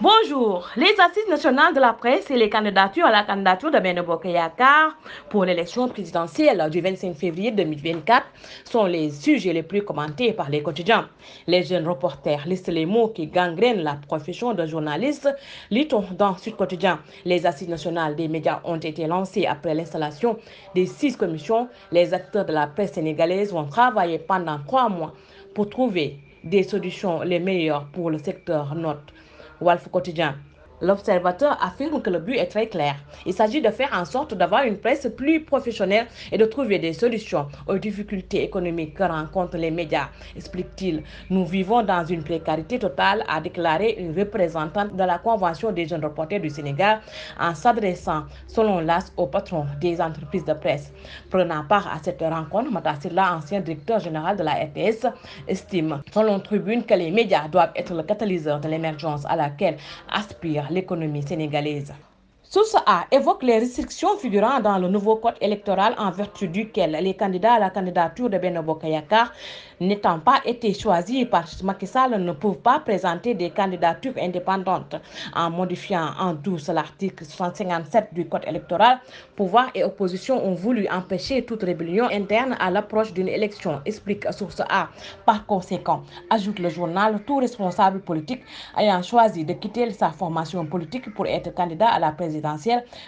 Bonjour. Les assises nationales de la presse et les candidatures à la candidature de Beno Bokeyakar pour l'élection présidentielle du 25 février 2024 sont les sujets les plus commentés par les quotidiens. Les jeunes reporters listent les mots qui gangrènent la profession de journaliste, lit dans Sud Quotidien. Les assises nationales des médias ont été lancées après l'installation des six commissions. Les acteurs de la presse sénégalaise ont travaillé pendant trois mois pour trouver des solutions les meilleures pour le secteur note Walf Quotidien L'observateur affirme que le but est très clair. Il s'agit de faire en sorte d'avoir une presse plus professionnelle et de trouver des solutions aux difficultés économiques que rencontrent les médias, explique-t-il. Nous vivons dans une précarité totale, a déclaré une représentante de la Convention des jeunes reporters du Sénégal en s'adressant, selon l'AS, au patron des entreprises de presse. Prenant part à cette rencontre, Matassila, ancien directeur général de la RTS, estime, selon Tribune, que les médias doivent être le catalyseur de l'émergence à laquelle aspirent l'économie sénégalaise. Source A évoque les restrictions figurant dans le nouveau code électoral en vertu duquel les candidats à la candidature de Benobo Bokayakar n'étant pas été choisis par Macky ne peuvent pas présenter des candidatures indépendantes en modifiant en douce l'article 157 du code électoral. Pouvoir et opposition ont voulu empêcher toute rébellion interne à l'approche d'une élection, explique Source A. Par conséquent, ajoute le journal, tout responsable politique ayant choisi de quitter sa formation politique pour être candidat à la présidence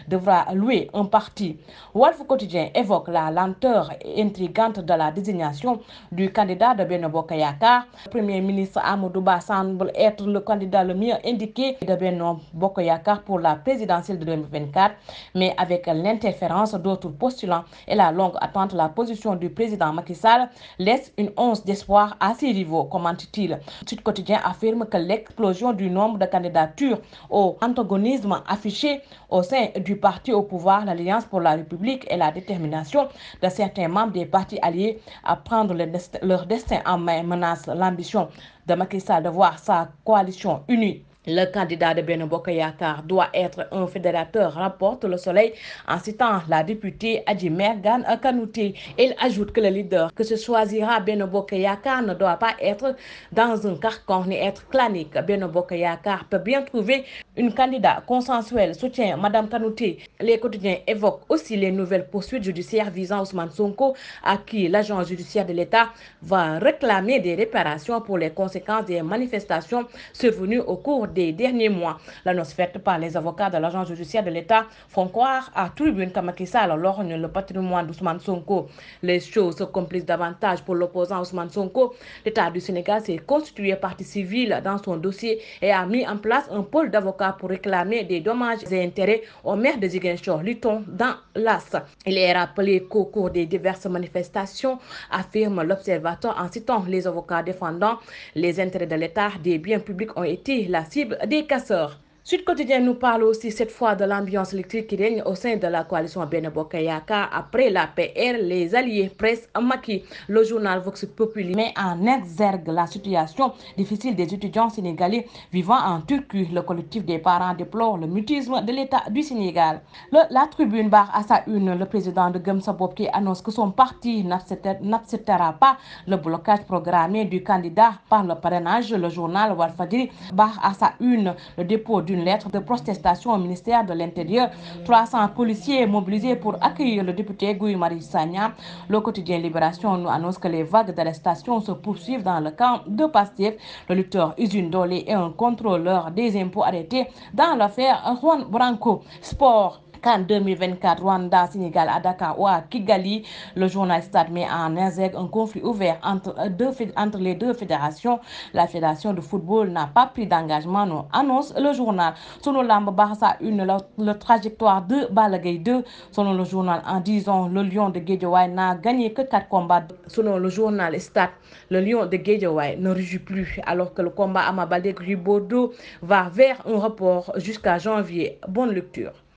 devra louer un parti. Wolf Quotidien évoque la lenteur intrigante de la désignation du candidat de Benobo Kayakar. Le Premier ministre Amadouba semble être le candidat le mieux indiqué de Benobo Kayakar pour la présidentielle de 2024, mais avec l'interférence d'autres postulants et la longue attente, la position du président Macky Sall laisse une once d'espoir à ses rivaux, commente-t-il. tout Quotidien affirme que l'explosion du nombre de candidatures au antagonisme affiché au sein du parti au pouvoir, l'Alliance pour la République et la détermination de certains membres des partis alliés à prendre leur destin en main menace l'ambition de Macky de voir sa coalition unie le candidat de Bokaya doit être un fédérateur, rapporte le soleil en citant la députée Adji Mergan Kanouté. Il ajoute que le leader que se choisira Bokaya ne doit pas être dans un carcan ni être clanique. Bokaya peut bien trouver une candidat consensuelle, soutient Madame Kanouté. Les quotidiens évoquent aussi les nouvelles poursuites judiciaires visant Ousmane Sonko, à qui l'agent judiciaire de l'État va réclamer des réparations pour les conséquences des manifestations survenues au cours des derniers mois. L'annonce faite par les avocats de l'agence judiciaire de l'État font croire à tribune Kamakissal Alors le patrimoine d'Ousmane Sonko. Les choses se compliquent davantage pour l'opposant Ousmane Sonko. L'État du Sénégal s'est constitué partie civile dans son dossier et a mis en place un pôle d'avocats pour réclamer des dommages et intérêts au maire de Ziguinchor, Luton, dans l'AS. Il est rappelé qu'au cours des diverses manifestations, affirme l'observateur en citant les avocats défendant les intérêts de l'État, des biens publics ont été la des casseurs. Sud Quotidien nous parle aussi cette fois de l'ambiance électrique qui règne au sein de la coalition car Après la PR, les alliés pressent Maki Le journal Vox Populi met en exergue la situation difficile des étudiants sénégalais vivant en Turquie. Le collectif des parents déplore le mutisme de l'État du Sénégal. la tribune barre à sa une le président de Gumsabop qui annonce que son parti n'acceptera pas le blocage programmé du candidat par le parrainage. Le journal Walfadiri barre à sa une le dépôt d'une une lettre de protestation au ministère de l'Intérieur. 300 policiers mobilisés pour accueillir le député Guy Marie Sagna. Le quotidien Libération nous annonce que les vagues d'arrestations se poursuivent dans le camp de Pastif. Le lutteur Usine Dolé et un contrôleur des impôts arrêtés dans l'affaire Juan Branco. Sport en 2024 Rwanda-Sénégal à ou à Kigali. Le journal Stade met en exergue un conflit ouvert entre, deux, entre les deux fédérations. La fédération de football n'a pas pris d'engagement, nous annonce le journal. Selon l'Ambe Barça 1, la, trajectoire de Balagay 2. Selon le journal, en 10 ans, le Lion de Guédiouaï n'a gagné que 4 combats. Selon le journal Stade, le Lion de Guédiouaï ne réjouit plus alors que le combat Mabalé gribaudo va vers un report jusqu'à janvier. Bonne lecture.